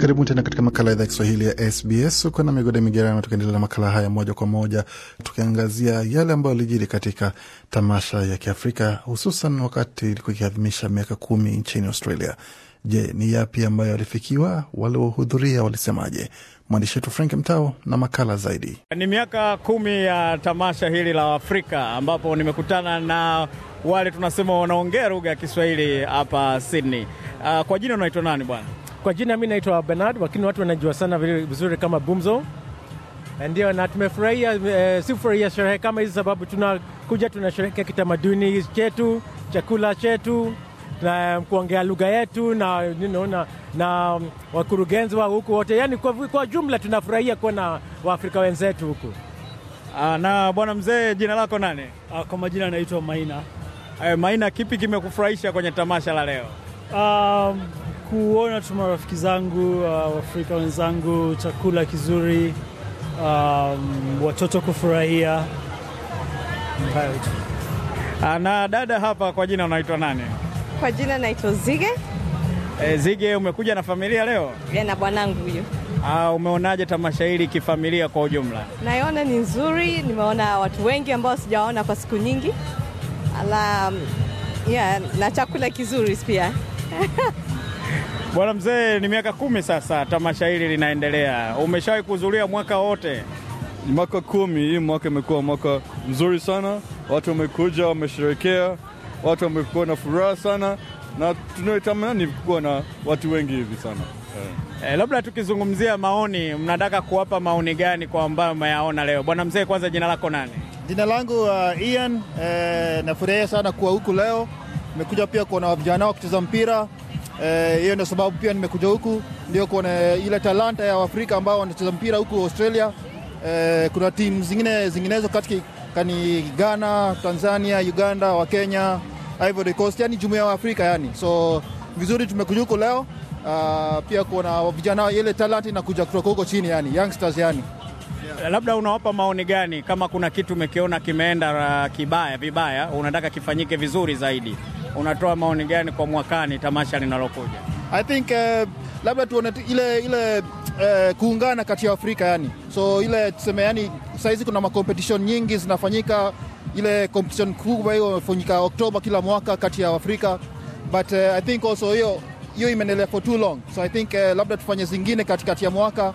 Karibuni tena katika makala ya idhaa ya Kiswahili ya SBS. Uko na Migode Migerano, tukaendelea na makala haya moja kwa moja, tukiangazia yale ambayo yalijiri katika tamasha ya Kiafrika, hususan wakati ilikuwa ikiadhimisha miaka kumi nchini Australia. Je, ni yapi ambayo yalifikiwa? Waliohudhuria walisemaje? Mwandishi wetu Frank Mtao na makala zaidi. Ni miaka kumi ya tamasha hili la Afrika ambapo nimekutana na wale tunasema wanaongea lugha ya Kiswahili hapa Sydney. Uh, kwa jina unaitwa nani bwana? Kwa jina mi naitwa Bernard, lakini watu wanajua sana vizuri kama Bumzo. Ndio, na tumefurahia eh, sifurahia sherehe kama hizi, sababu tunakuja tunasherehekea kitamaduni chetu, chakula chetu na kuongea lugha yetu na, you know, na, na wakurugenzi wa huku wote, yani kwa, kwa jumla tunafurahia kuwa na Waafrika wenzetu huku. Ah, na bwana mzee, jina lako nani? Aa, ah, kwa majina anaitwa Maina. Aa, eh, Maina, kipi kimekufurahisha kwenye tamasha la leo? Aa, um, kuona tu marafiki zangu uh, Waafrika wenzangu, chakula kizuri, um, watoto kufurahia hayo tu. Ah, na dada hapa, kwa jina unaitwa nani? Kwa jina naitwa Zige. E, Zige, umekuja na familia leo? Eh, na bwanangu huyo. Ah, umeonaje tamasha hili kifamilia kwa ujumla? Naiona ni nzuri, nimeona watu wengi ambao sijawaona kwa siku nyingi. Ala, yeah, na chakula kizuri pia Bwana mzee, ni miaka kumi sasa tamasha hili linaendelea. Umeshawahi kuhudhuria mwaka wote? Mwaka kumi. Hii mwaka imekuwa mwaka mzuri sana, watu wamekuja, wamesherekea, watu wamekuwa na furaha sana, na tunatamani kuwa na watu wengi hivi sana eh. Eh, labda tukizungumzia maoni, mnataka kuwapa maoni gani kwa ambayo umeyaona leo? Bwana mzee, kwanza jina lako nani? Jina langu uh, Ian. Eh, nafurahia sana kuwa huku leo, nimekuja pia kuona vijana wao kucheza mpira Eh, hiyo e, ndio sababu pia nimekuja huku ndio kuona ile talanta ya Waafrika ambao wanacheza mpira huku Australia. E, kuna timu zingine zinginezo katika kani Ghana, Tanzania, Uganda, wa Kenya, Ivory Coast, yani jumuiya ya Afrika yani. So vizuri tumekuja huko leo uh, pia kuona vijana ile talanta inakuja kutoka huko chini yani, youngsters yani. Yeah. Labda unawapa maoni gani kama kuna kitu umekiona kimeenda ah, kibaya vibaya, unataka kifanyike vizuri zaidi? unatoa maoni gani kwa mwakani tamasha linalokuja? I think uh, labda tuone ile ile uh, kuungana kati ya Afrika yani, so ile tuseme yani, saizi kuna makompetishon nyingi zinafanyika, ile kompetishon kubwa hiyo imefanyika Oktoba kila mwaka kati ya Afrika, but uh, I think also hiyo hiyo imeendelea for too long, so I think uh, labda tufanye zingine katikati ya mwaka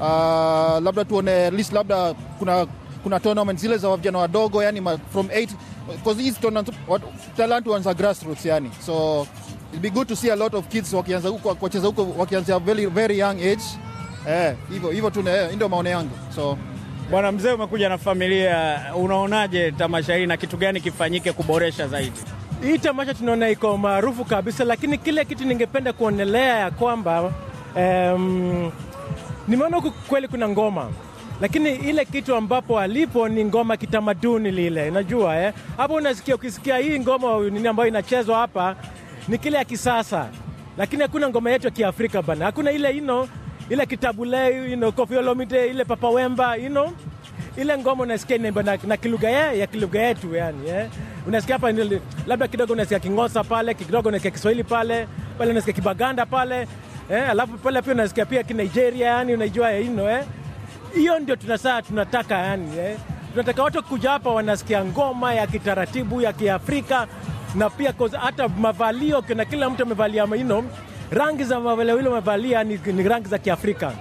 uh, labda tuone at least labda kuna kuna tournament zile za vijana wadogo yani from 8 because hizi talent wanza grassroots yani so it'll be good to see a lot of kids wakianza huko wacheza huko wakianza very, very young age eh hivyo hivyo tu eh, ndio maone yangu so Bwana mzee, umekuja na familia, unaonaje tamasha hili na kitu gani kifanyike kuboresha zaidi? Hii tamasha tunaona iko maarufu kabisa, lakini kile kitu ningependa kuonelea ya kwamba um, nimeona huku kweli kuna ngoma lakini ile kitu ambapo alipo ni ngoma kitamaduni lile, najua eh? Hapo unasikia ukisikia hii ngoma nini ambayo inachezwa hapa ni kile ya kisasa, lakini hakuna ngoma yetu ya Kiafrika bana, hakuna ile ino ile kitabule ino Koffi Olomide ile Papa Wemba ino ile ngoma unasikia inaimba na, na kilugha ya, ya kilugha yetu yani eh? Unasikia hapa labda kidogo unasikia Kingosa pale kidogo unasikia Kiswahili pale pale unasikia Kibaganda pale eh? Alafu pale pia unasikia pia Kinigeria yani, unaijua ino eh? hiyo ndio tunasaa tunataka yani eh. Tunataka watu kuja hapa wanasikia ngoma ya kitaratibu ya Kiafrika na pia hata mavalio kina kila mtu amevalia you know, rangi za mavalio hilo amevalia ni, ni rangi za Kiafrika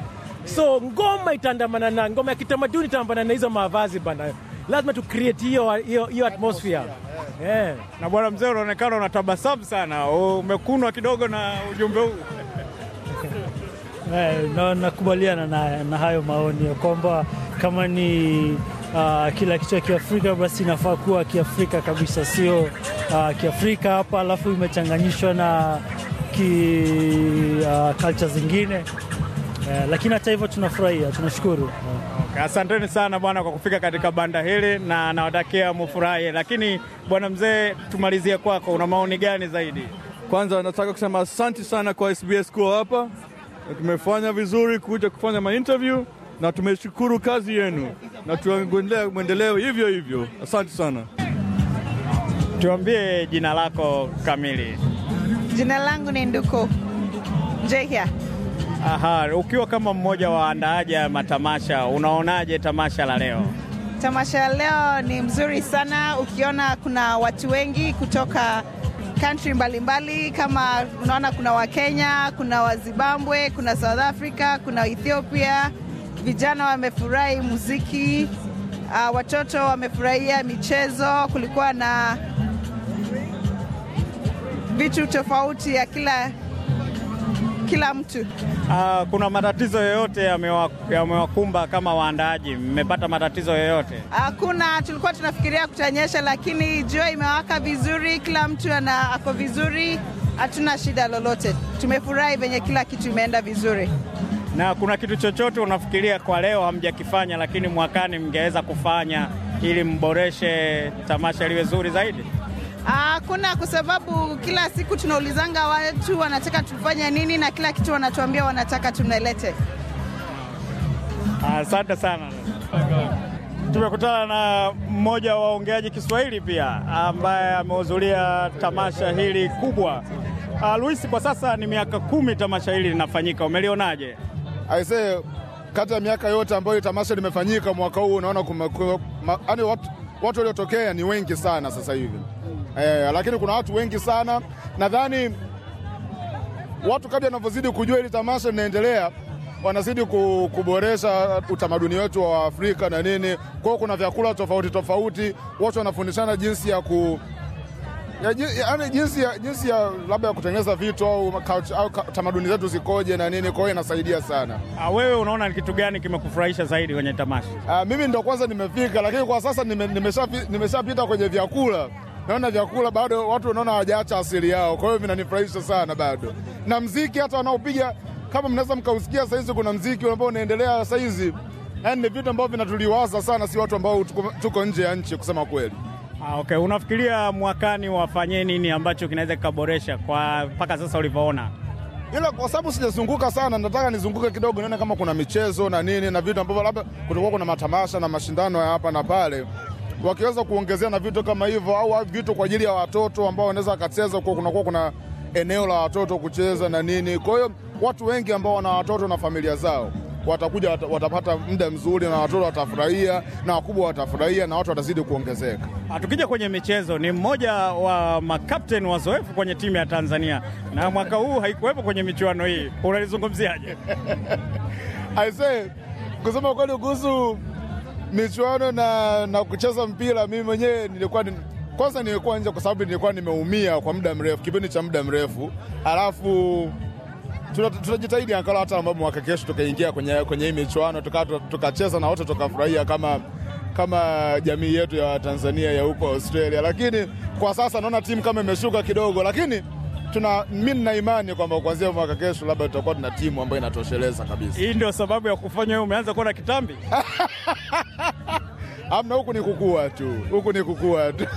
so ngoma itaandamana na ngoma ya kitamaduni itaandamana na hizo mavazi bana, lazima tu create hiyo hiyo atmosphere Yeah. Na bwana mzee, unaonekana unatabasamu sana, umekunwa kidogo na ujumbe huu Eh, nakubaliana na, na hayo maoni ya kwamba kama ni uh, kila ya Kiafrika basi inafaa kuwa Kiafrika kabisa, sio uh, Kiafrika hapa alafu imechanganyishwa na ki kalcha ah, zingine uh, lakini hata hivyo tunafurahia, tunashukuru uh. Okay, asanteni sana bwana kwa kufika katika banda hili na nawatakia mufurahi. Lakini bwana mzee, tumalizie kwako, una maoni gani zaidi? Kwanza nataka kusema asante sana kwa SBS kuwa hapa tumefanya vizuri kuja kufanya mainterview na tumeshukuru kazi yenu na tuendelee mwendeleo hivyo hivyo. Asante sana. Tuambie jina lako kamili. Jina langu ni Nduku Njehia. Aha, ukiwa kama mmoja wa waandaaji ya matamasha, unaonaje tamasha la leo? Tamasha ya leo ni mzuri sana, ukiona kuna watu wengi kutoka country mbalimbali kama unaona, kuna Wakenya, kuna Wazimbabwe, kuna South Africa, kuna Ethiopia. Vijana wamefurahi muziki, uh, watoto wamefurahia michezo. Kulikuwa na vitu tofauti ya kila kila mtu. Uh, kuna matatizo yoyote yamewakumba ya kama waandaaji, mmepata matatizo yoyote? Uh, tulikuwa tunafikiria kutanyesha, lakini jua imewaka vizuri, kila mtu ana ako vizuri, hatuna shida lolote. Tumefurahi venye kila kitu imeenda vizuri. Na kuna kitu chochote unafikiria kwa leo hamjakifanya, lakini mwakani mngeweza kufanya ili mboreshe tamasha liwe zuri zaidi? Hakuna, kwa sababu kila siku tunaulizanga watu wanataka tufanye nini, na kila kitu wanatuambia wanataka tunalete. Asante sana. Tumekutana na mmoja wa waongeaji Kiswahili pia ambaye amehudhuria tamasha hili kubwa. Ah, Luis, kwa sasa ni miaka kumi tamasha hili linafanyika, umelionaje? Aisee, kati ya miaka yote ambayo tamasha limefanyika mwaka huu unaona, yaani watu, watu waliotokea ni wengi sana sasa hivi eh, lakini kuna watu wengi sana. Nadhani watu kabla wanavyozidi kujua hili tamasha linaendelea wanazidi kuboresha utamaduni wetu wa Afrika na nini. Kwa kuna vyakula tofauti tofauti, watu wanafundishana jinsi ya ku ya, yaani jinsi ya, jinsi ya labda ya kutengeneza vitu au, au tamaduni zetu zikoje na nini. Kwa hiyo inasaidia sana. A, ah, wewe unaona kitu gani kimekufurahisha zaidi kwenye tamasha? A, ah, mimi ndo kwanza nimefika, lakini kwa sasa nimeshapita nime, nime kwenye vyakula naona vyakula bado watu wanaona hawajaacha asili yao, kwa hiyo vinanifurahisha sana bado. Na mziki hata wanaopiga kama mnaweza mkausikia sahizi, kuna mziki ambao unaendelea sahizi, yani ni vitu ambavyo vinatuliwaza sana, si watu ambao tuko, tuko nje ya nchi kusema kweli. Ah, okay. Unafikiria mwakani wafanye nini ambacho kinaweza kikaboresha kwa mpaka sasa ulivyoona? Ila kwa sababu sijazunguka sana, nataka nizunguke kidogo, nione kama kuna michezo na nini na vitu ambavyo labda kutakuwa kuna matamasha na mashindano ya hapa na pale wakiweza kuongezea na vitu kama hivyo, au vitu kwa ajili ya watoto ambao wanaweza wakacheza, kunakuwa kuna eneo la watoto kucheza na nini. Kwa hiyo watu wengi ambao wana watoto na familia zao watakuja watapata muda mzuri na watoto watafurahia na wakubwa watafurahia na watu watazidi kuongezeka. Ah, tukija kwenye michezo, ni mmoja wa makapteni wazoefu kwenye timu ya Tanzania na mwaka huu haikuwepo kwenye michuano hii, unalizungumziaje? Aisee, kusema kweli kuhusu michuano na, na kucheza mpira, mimi mwenyewe nilikuwa kwanza nilikuwa nje kwa sababu nilikuwa nimeumia kwa muda mrefu, kipindi cha muda mrefu, alafu tunajitahidi angalau hata ambao mwaka kesho tukaingia kwenye, kwenye hii michuano tukacheza na wote tukafurahia kama, kama jamii yetu ya Tanzania ya huko Australia, lakini kwa sasa naona timu kama imeshuka kidogo, lakini tuna mimi na imani kwamba kuanzia mwaka kesho labda tutakuwa tuna timu ambayo inatosheleza kabisa. Hii ndio sababu ya kufanya wewe umeanza kuona kitambi? Amna, huku ni kukua tu, huku ni kukua tu.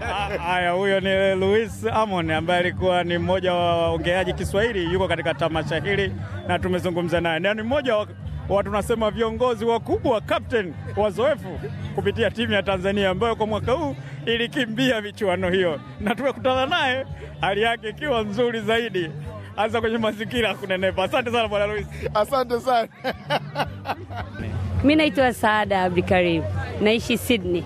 Ah, haya, huyo ni Luis Amon ambaye alikuwa ni mmoja wa ongeaji Kiswahili, yuko katika tamasha hili na tumezungumza naye, ni mmoja wa wa tunasema viongozi wakubwa, captain wazoefu kupitia timu ya Tanzania ambayo kwa mwaka huu ilikimbia michuano hiyo, na tumekutana naye hali yake ikiwa nzuri zaidi, hasa kwenye mazingira kunenepa. Asante sana bwana Luis, asante sana. Mi naitwa Saada Abdikarim, naishi Sydney.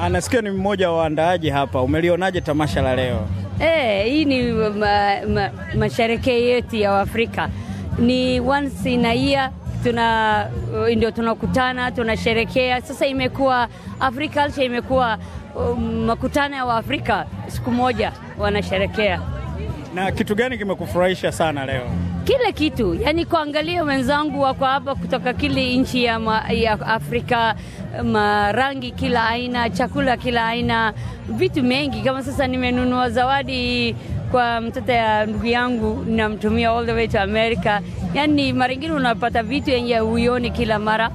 Ah, nasikia ni mmoja wa waandaaji hapa, umelionaje tamasha la leo? Hey, eh, hii ni ma, ma, masherehe yetu ya Afrika ni once in a year tuna uh, ndio tunakutana tunasherekea. Sasa imekuwa afrika Africulture, imekuwa um, makutano ya Waafrika siku moja wanasherekea. Na kitu gani kimekufurahisha sana leo? Kila kitu, yani kuangalia wenzangu wako hapa kutoka kile nchi ya, ma, ya Afrika, marangi kila aina, chakula kila aina, vitu mengi. Kama sasa nimenunua zawadi kwa mtoto ya ndugu yangu namtumia all the way to America. Yani mara ingine unapata vitu yenye uioni kila mara,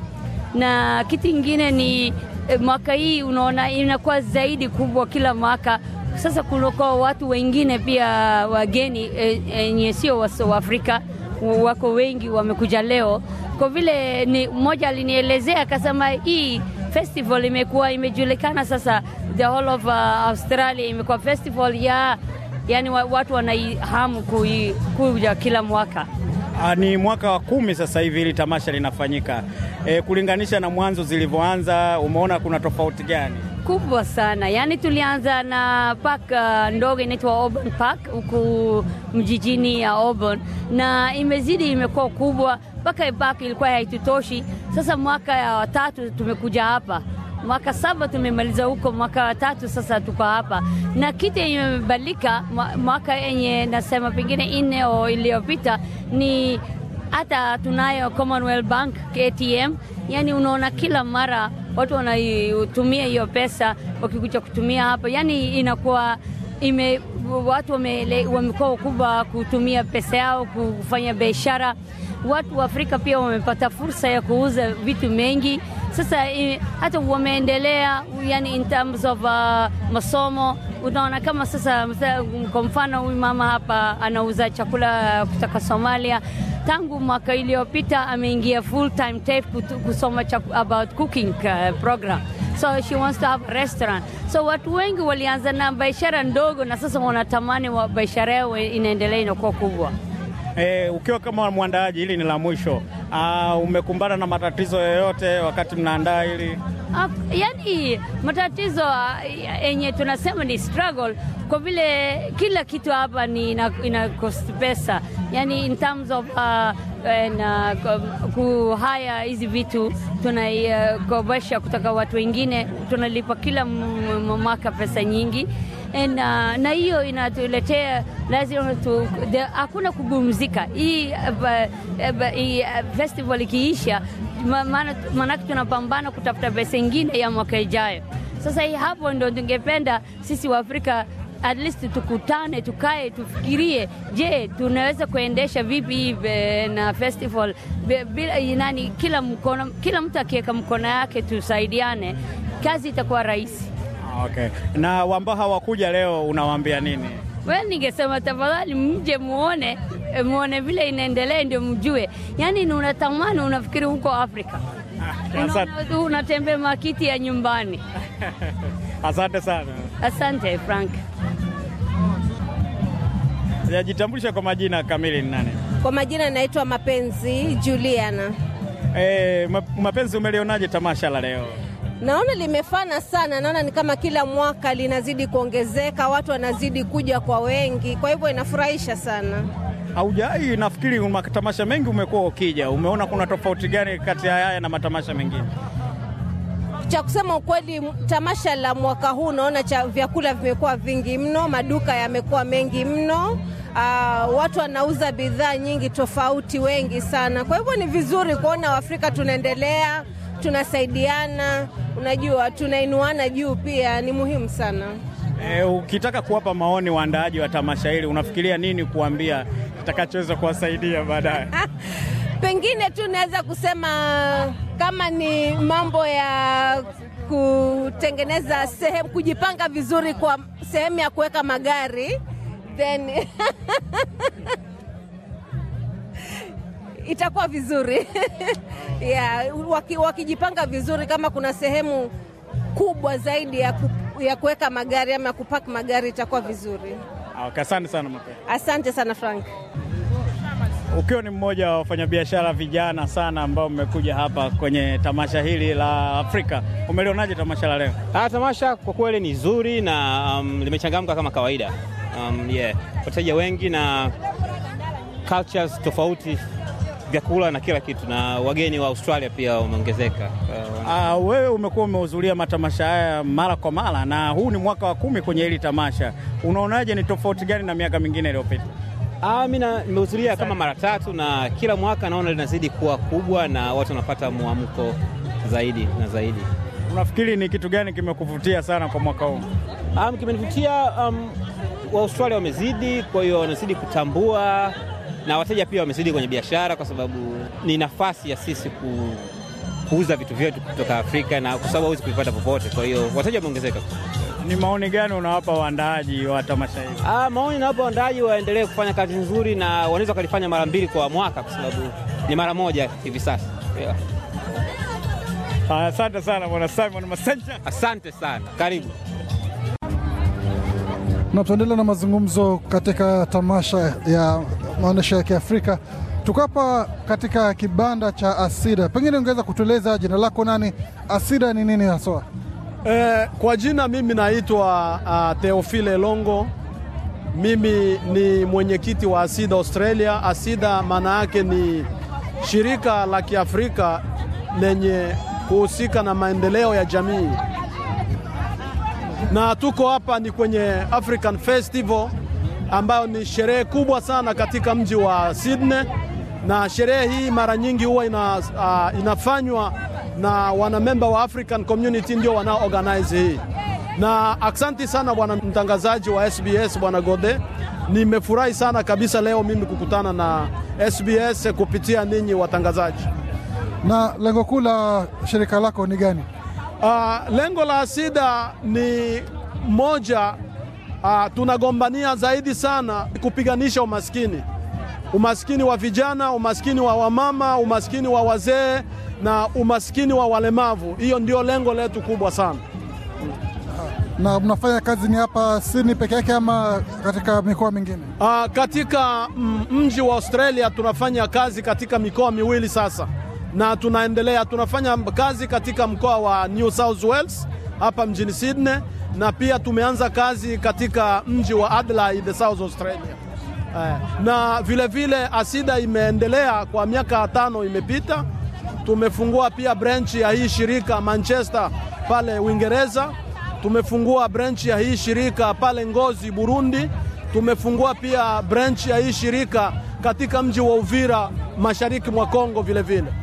na kitu ingine ni eh, mwaka hii unaona inakuwa zaidi kubwa kila mwaka. Sasa kunakuwa watu wengine pia wageni eh, yenye sio wa Afrika wako wengi wamekuja leo. Kwa vile ni mmoja alinielezea akasema, hii festival imekuwa imejulikana sasa the whole of uh, Australia imekuwa festival ya yani watu wanaihamu kuja kila mwaka. Ah, ni mwaka wa kumi sasa hivi hili tamasha linafanyika. E, kulinganisha na mwanzo zilivyoanza, umeona kuna tofauti gani? Kubwa sana yani, tulianza na park uh, ndogo inaitwa Auburn Park huku mjijini ya Auburn, na imezidi imekuwa kubwa mpaka park ilikuwa haitutoshi. Sasa mwaka ya watatu tumekuja hapa Mwaka saba tumemaliza huko, mwaka watatu sasa tuko hapa, na kitu yenye imebadilika mwaka yenye nasema pengine nne iliyopita ni hata tunayo Commonwealth Bank ATM, yani unaona kila mara watu wanaitumia hiyo pesa, wakikuja kutumia hapa, yani inakuwa ime, watu wamekuwa wakubwa kutumia pesa yao kufanya biashara watu wa Afrika pia wamepata fursa ya kuuza vitu mengi sasa, hata wameendelea yani in terms of uh, masomo. Unaona kama sasa, kwa mfano huyu mama hapa anauza chakula kutoka Somalia tangu mwaka iliyopita ameingia full time TAFE kusoma about cooking uh, program, so she wants to have a restaurant. So watu wengi walianza na biashara ndogo na sasa wanatamani wa biashara yao inaendelea inakuwa kubwa e, ukiwa kama mwandaaji, hili ni la mwisho, ah, umekumbana na matatizo yoyote wakati mnaandaa hili? Yaani matatizo eh, yenye tunasema ni struggle, kwa vile kila kitu hapa ni ina cost pesa, yani in terms of uh, ah, na uh, kuhaya hizi vitu tunaikobesha eh, uh, kutoka watu wengine, tunalipa kila mwaka pesa nyingi na, uh, na hiyo inatuletea lazima tu, hakuna kugumzika uh, uh, hii uh, festival ikiisha, maanake tunapambana kutafuta pesa ingine ya mwaka ijayo. Sasa hii hapo ndo tungependa sisi Waafrika at least tukutane, tukae, tufikirie, je, tunaweza kuendesha vipi eh, na festival bila inani, kila mkono, kila mtu akiweka mkono yake, tusaidiane, kazi itakuwa rahisi. Ah, okay. Na ambao hawakuja leo unawaambia nini? We, ningesema tafadhali mje muone, muone vile inaendelea ndio mjue. Yaani unatamani unafikiri huko Afrika. Ah, unatembea makiti ya nyumbani. Asante sana. Asante Frank. yajitambulisha kwa majina kamili ni nani? Kwa majina naitwa Mapenzi Juliana. Eh, Mapenzi umelionaje tamasha la leo? Naona limefana sana, naona ni kama kila mwaka linazidi kuongezeka, watu wanazidi kuja kwa wengi, kwa hivyo inafurahisha sana. Haujai, nafikiri matamasha mengi umekuwa ukija, umeona kuna tofauti gani kati ya haya na matamasha mengine? Cha kusema ukweli, tamasha la mwaka huu naona cha vyakula vimekuwa vingi mno, maduka yamekuwa mengi mno. Uh, watu wanauza bidhaa nyingi tofauti, wengi sana. Kwa hivyo ni vizuri kuona Waafrika tunaendelea tunasaidiana, unajua tunainuana juu, pia ni muhimu sana. E, ukitaka kuwapa maoni waandaaji wa tamasha hili unafikiria nini kuambia kitakachoweza kuwasaidia baadaye? Pengine tu naweza kusema kama ni mambo ya kutengeneza sehemu, kujipanga vizuri kwa sehemu ya kuweka magari then itakuwa vizuri yeah, wakijipanga waki vizuri, kama kuna sehemu kubwa zaidi ya, ku, ya kuweka magari ama ya kupak magari itakuwa vizuri. Okay, asante sana mape. Asante sana Frank. Ukiwa ni mmoja wa wafanyabiashara vijana sana ambao mmekuja hapa kwenye tamasha hili la Afrika, umelionaje tamasha la leo? Ah, tamasha kwa kweli ni zuri na um, limechangamka kama kawaida. Um, yeah, wateja wengi na cultures tofauti vyakula na kila kitu, na wageni wa Australia pia wameongezeka. Uh, wewe umekuwa umehudhuria matamasha haya mara kwa mara na huu ni mwaka wa kumi kwenye hili tamasha, unaonaje, ni tofauti gani na miaka mingine iliyopita? Ah, mimi nimehudhuria kama mara tatu na kila mwaka naona linazidi kuwa kubwa na watu wanapata mwamko zaidi na zaidi. Unafikiri ni kitu gani kimekuvutia sana kwa mwaka huu? Um, kimenivutia um, Australia wamezidi, kwa hiyo wanazidi kutambua na wateja pia wamezidi kwenye biashara, kwa sababu ni nafasi ya sisi ku, kuuza vitu vyetu kutoka Afrika, na kwa sababu hauwezi kuipata popote. Kwa hiyo wateja wameongezeka. Ni maoni gani unawapa waandaaji wa tamasha hili? Ah, maoni nawapa waandaaji waendelee kufanya kazi nzuri, na wanaweza wakalifanya mara mbili kwa mwaka, kwa sababu ni mara moja hivi sasa yeah. Asante sana bwana Simon Masenja, asante sana, karibu na tuendelea na mazungumzo katika tamasha ya maonyesho ya Kiafrika. Tuko hapa katika kibanda cha Asida, pengine ungeweza kutueleza jina lako nani, Asida ni nini haswa? Eh, kwa jina mimi naitwa uh, Theophile Longo. Mimi ni mwenyekiti wa Asida Australia. Asida maana yake ni shirika la Kiafrika lenye kuhusika na maendeleo ya jamii, na tuko hapa ni kwenye African Festival ambayo ni sherehe kubwa sana katika mji wa Sydney, na sherehe hii mara nyingi huwa ina, uh, inafanywa na wanamemba wa African Community ndio wanao organize hii. Na aksanti sana bwana mtangazaji wa SBS bwana Gode, nimefurahi sana kabisa leo mimi kukutana na SBS kupitia ninyi watangazaji. Na lengo kuu la shirika lako ni gani? Uh, lengo la SIDA ni moja Ah, tunagombania zaidi sana kupiganisha umaskini, umaskini wa vijana, umaskini wa wamama, umaskini wa wazee na umaskini wa walemavu. Hiyo ndio lengo letu kubwa sana. Na mnafanya kazi ni hapa Sydney peke yake ama katika mikoa mingine? Ah, katika mm, mji wa Australia tunafanya kazi katika mikoa miwili sasa, na tunaendelea tunafanya kazi katika mkoa wa New South Wales hapa mjini Sydney na pia tumeanza kazi katika mji wa Adelaide, South Australia. Eh, na vile vile asida imeendelea kwa miaka tano imepita. Tumefungua pia branch ya hii shirika Manchester pale Uingereza, tumefungua branch ya hii shirika pale Ngozi Burundi, tumefungua pia branch ya hii shirika katika mji wa Uvira mashariki mwa Kongo vilevile.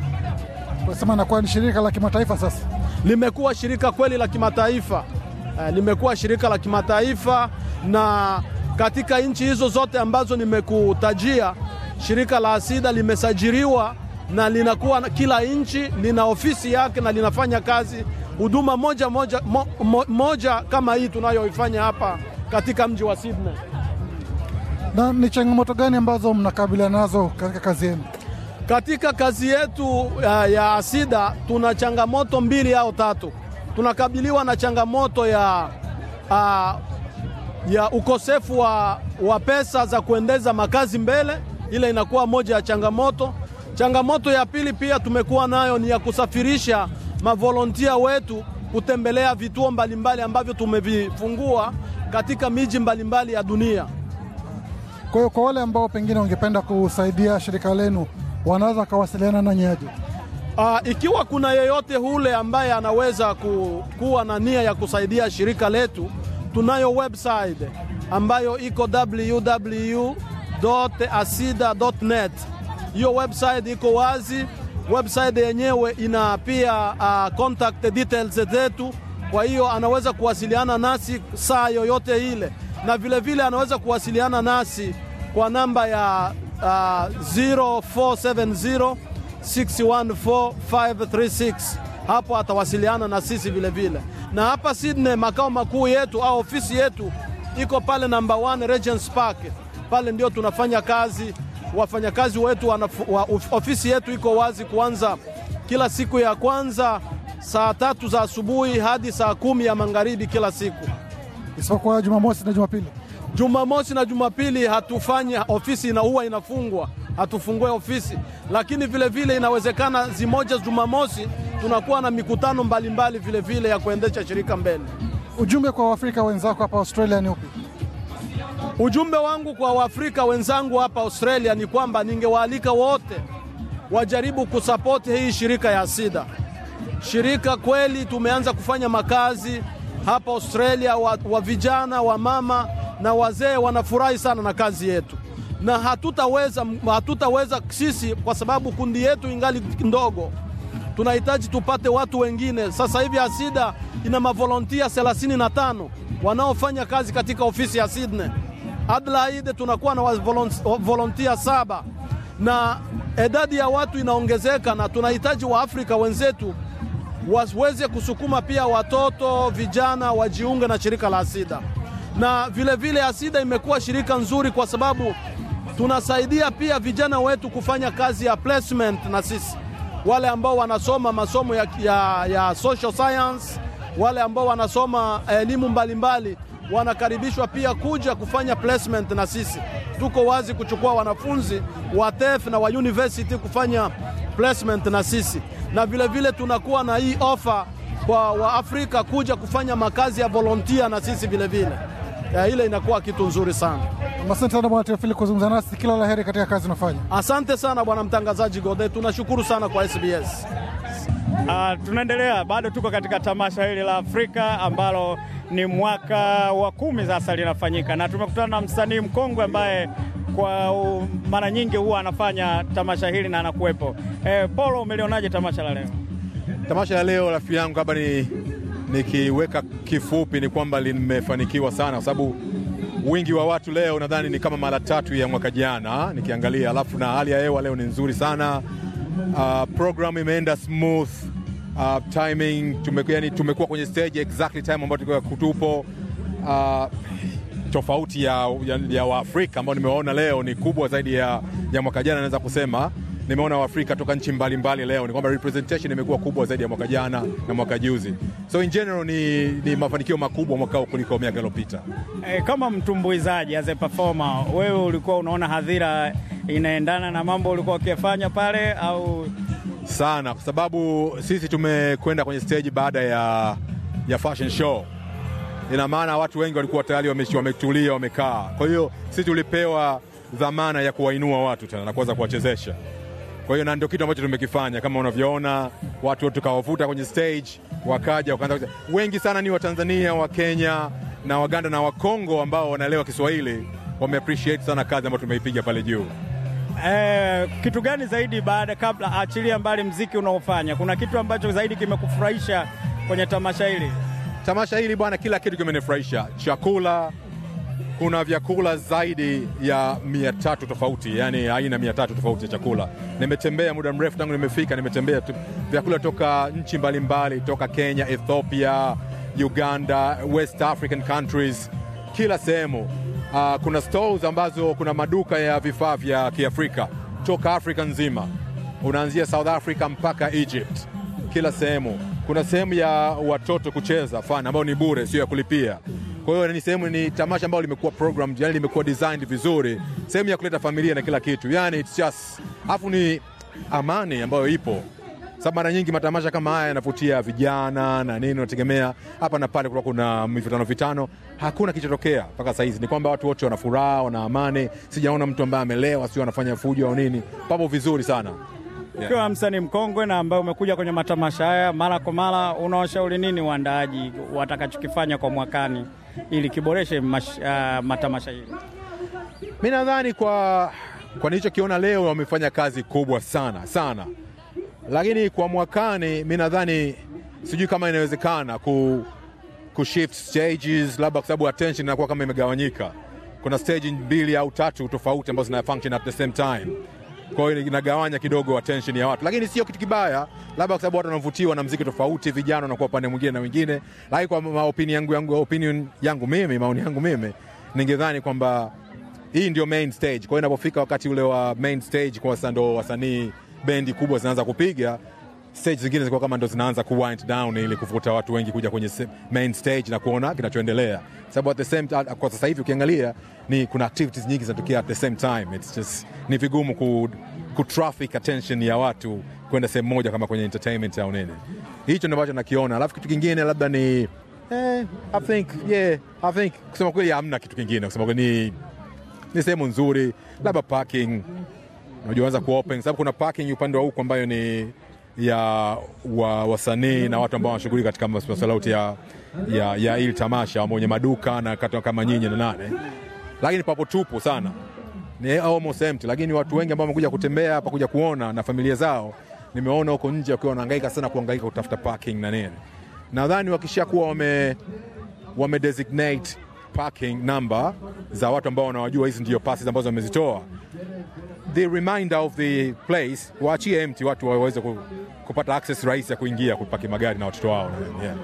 Kwa sema na kwa ni shirika la kimataifa sasa, limekuwa shirika kweli la kimataifa. Eh, limekuwa shirika la kimataifa na katika nchi hizo zote ambazo nimekutajia, shirika la ASIDA limesajiliwa na linakuwa kila nchi lina ofisi yake na linafanya kazi huduma moja moja, mo, mo, moja kama hii tunayoifanya hapa katika mji wa Sydney. Na ni changamoto gani ambazo mnakabiliana nazo katika kazi yenu? Katika kazi yetu ya, eh, ya ASIDA tuna changamoto mbili au tatu tunakabiliwa na changamoto ya, a, ya ukosefu wa, wa pesa za kuendeza makazi mbele. Ile inakuwa moja ya changamoto. Changamoto ya pili pia tumekuwa nayo ni ya kusafirisha mavolontia wetu kutembelea vituo mbalimbali ambavyo tumevifungua katika miji mbalimbali ya dunia. Kwa hiyo kwa wale ambao pengine wangependa kusaidia shirika lenu wanaweza wakawasiliana nanyi aje? Uh, ikiwa kuna yeyote hule ambaye anaweza ku, kuwa na nia ya kusaidia shirika letu, tunayo website ambayo iko www.asida.net. Hiyo website iko wazi. Website yenyewe ina pia uh, contact details zetu, kwa hiyo anaweza kuwasiliana nasi saa yoyote ile, na vilevile vile anaweza kuwasiliana nasi kwa namba ya uh, ah, 0470 614536 hapo atawasiliana na sisi vilevile vile. Na hapa Sydney makao makuu yetu au ofisi yetu iko pale namba 1 Regents Park, pale ndio tunafanya kazi. Wafanyakazi wetu wa ofisi yetu iko wazi kuanza kila siku ya kwanza saa tatu za asubuhi hadi saa kumi ya magharibi kila siku, isipokuwa Jumamosi na Jumapili. Jumamosi na Jumapili hatufanyi, ofisi na huwa inafungwa hatufungue ofisi, lakini vilevile vile inawezekana zimoja Jumamosi tunakuwa na mikutano mbalimbali vilevile vile ya kuendesha shirika mbele. Ujumbe kwa Waafrika wenzako hapa Australia ni upi? Ujumbe wangu kwa Waafrika wenzangu hapa Australia ni kwamba ningewaalika wote wajaribu kusapoti hii shirika ya sida. Shirika kweli tumeanza kufanya makazi hapa Australia wa, wa vijana wa mama na wazee wanafurahi sana na kazi yetu na hatutaweza, hatutaweza sisi kwa sababu kundi yetu ingali ndogo. Tunahitaji tupate watu wengine. Sasa hivi Asida ina mavolontia thelathini na tano wanaofanya kazi katika ofisi ya Sydney. Adelaide tunakuwa na volontia saba na idadi ya watu inaongezeka, na tunahitaji Waafrika wenzetu waweze kusukuma pia watoto vijana wajiunge na shirika la Asida. Na vilevile vile Asida imekuwa shirika nzuri kwa sababu tunasaidia pia vijana wetu kufanya kazi ya placement, na sisi wale ambao wanasoma masomo ya, ya, ya social science, wale ambao wanasoma elimu mbalimbali wanakaribishwa pia kuja kufanya placement na sisi. Tuko wazi kuchukua wanafunzi wa TEF na wa university kufanya placement na sisi, na vile vile tunakuwa na hii ofa kwa Waafrika kuja kufanya makazi ya volontia na sisi vile vile. Eh, ile inakuwa kitu nzuri sana. Asante sana bwana Teofili kuzungumza nasi, kila la heri katika kazi unafanya. Asante sana bwana mtangazaji Gode, tunashukuru sana kwa SBS. Uh, ah, tunaendelea bado tuko katika tamasha hili la Afrika ambalo ni mwaka wa kumi sasa linafanyika, na tumekutana na msanii mkongwe ambaye kwa mara nyingi huwa anafanya tamasha hili na anakuwepo. Eh, Polo, umelionaje tamasha la leo? Tamasha la leo rafiki yangu hapa ni nikiweka kifupi ni kwamba limefanikiwa sana, kwa sababu wingi wa watu leo nadhani ni kama mara tatu ya mwaka jana nikiangalia, alafu na hali ya hewa leo ni nzuri sana. Uh, program imeenda smooth uh, timing tumekuwa, yani, tumekuwa kwenye stage exactly time ambayo tulikuwa kutupo uh, tofauti ya, ya, ya Waafrika ambao nimewaona leo ni kubwa zaidi ya, ya mwaka jana naweza kusema nimeona Waafrika toka nchi mbalimbali mbali. Leo ni kwamba representation imekuwa kubwa zaidi ya mwaka jana na mwaka juzi, so in general ni, ni mafanikio makubwa mwaka huu kuliko miaka iliyopita. E, kama mtumbuizaji as a performer, wewe ulikuwa unaona hadhira inaendana na mambo ulikuwa ukifanya pale au sana? Kwa sababu sisi tumekwenda kwenye stage baada ya, ya fashion show ina maana watu wengi walikuwa tayari wametulia, wamekaa. Kwa hiyo sisi tulipewa dhamana ya kuwainua watu tena na kuweza kuwachezesha. Kwa hiyo na ndio kitu ambacho tumekifanya kama unavyoona, watu tukawavuta kwenye stage, wakaja wakaanza. Wengi sana ni Watanzania, Wakenya na Waganda na Wakongo ambao wanaelewa Kiswahili, appreciate sana kazi ambayo tumeipiga pale juu. Eh, kitu gani zaidi baada, kabla achilia mbali mziki unaofanya, kuna kitu ambacho zaidi kimekufurahisha kwenye tamasha hili? Tamasha hili bwana, kila kitu kimenifurahisha, chakula kuna vyakula zaidi ya mia tatu tofauti, yani aina mia tatu tofauti ya chakula. Nimetembea muda mrefu tangu nimefika, nimetembea vyakula toka nchi mbalimbali mbali, toka Kenya, Ethiopia, Uganda, West African countries, kila sehemu. Uh, kuna stores ambazo kuna maduka ya vifaa vya Kiafrika toka Afrika nzima, unaanzia South Africa mpaka Egypt, kila sehemu. Kuna sehemu ya watoto kucheza fana, ambayo ni bure, sio ya kulipia kwa hiyo ni sehemu, ni tamasha ambalo limekuwa programmed, yani limekuwa designed vizuri, sehemu ya kuleta familia na kila kitu, yani it's just, afu ni amani ambayo ipo sababu mara nyingi matamasha kama haya yanavutia vijana na nini, unategemea hapa na pale kulikuwa kuna mivutano vitano, hakuna kichotokea mpaka saa hizi. Ni kwamba watu wote wana furaha, wana amani, sijaona mtu ambaye amelewa, sio anafanya fujo au nini, papo vizuri sana yeah. Ukiwa msanii mkongwe na ambaye umekuja kwenye matamasha haya mara kwa mara, unawashauri nini waandaaji watakachokifanya kwa mwakani? ili kiboreshe mash, uh, matamasha hili. Mimi nadhani kwa, kwa nilichokiona leo wamefanya kazi kubwa sana sana, lakini kwa mwakani mi nadhani sijui kama inawezekana ku, ku shift stages labda, kwa sababu attention inakuwa kama imegawanyika, kuna stage mbili au tatu tofauti ambazo zina function at the same time kwa hiyo inagawanya kidogo attention ya watu, lakini sio kitu kibaya, labda kwa sababu watu wanavutiwa na mziki tofauti, vijana wanakuwa upande mwingine na wengine. Lakini kwa maopini yangu, yangu, opinion yangu mimi, maoni yangu mimi, ningedhani kwamba hii ndio main stage. Kwa hiyo inapofika wakati ule wa main stage, kwa sasa ndo wasanii bendi kubwa zinaanza kupiga stage zingine zilikuwa kama ndo zinaanza ku wind down ili kuvuta watu wengi kuja kwenye main stage na kuona kinachoendelea, sababu at the same time, kwa sasa hivi ukiangalia ni kuna activities nyingi zinatokea at the same time. It's just ni vigumu ku, ku traffic attention ya watu kwenda sehemu moja kama kwenye entertainment au nini. Hicho ndio ambacho nakiona, alafu kitu kingine labda ni eh, I think, yeah, I think kusema kweli hamna kitu kingine kusema kweli ni, ni sehemu nzuri labda parking unajua anza open sababu kuna parking upande wa huko ambayo ni ya wa, wasanii na watu ambao wanashughuli katika masuala yote ya, ya, ya ili tamasha mwenye maduka na kata kama nyinyi na nane, lakini papo tupo sana ni almost empty, lakini watu wengi ambao wamekuja kutembea hapa kuja kuona na familia zao nimeona huko nje wakiwa wanahangaika sana kuhangaika kutafuta parking na nini. Nadhani kuwa wame, wame designate parking number za watu ambao wanawajua, hizi ndio passes ambazo wamezitoa the reminder of the place, waachie empty watu waweze kupata access rahisi ya kuingia kupaki magari na watoto wao. Yeah.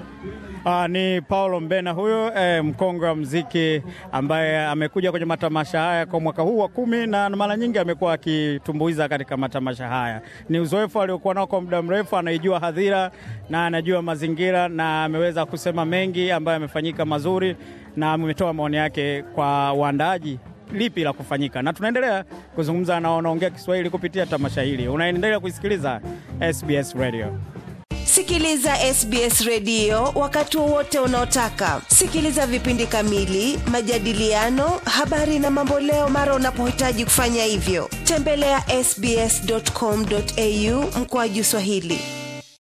Uh, ni Paulo Mbena huyo eh, mkongwe wa mziki ambaye amekuja kwenye matamasha haya kwa mwaka huu wa kumi na mara nyingi amekuwa akitumbuiza katika matamasha haya. Ni uzoefu aliokuwa nao kwa muda mrefu, anaijua hadhira na anajua mazingira na ameweza kusema mengi ambayo yamefanyika mazuri na ametoa maoni yake kwa waandaaji lipi la kufanyika, na tunaendelea kuzungumza na wanaongea Kiswahili kupitia tamasha hili. Unaendelea kuisikiliza SBS Radio. Sikiliza SBS redio wakati wowote unaotaka. Sikiliza vipindi kamili, majadiliano, habari na mamboleo mara unapohitaji kufanya hivyo. Tembelea ya sbs.com.au mkoaji Swahili.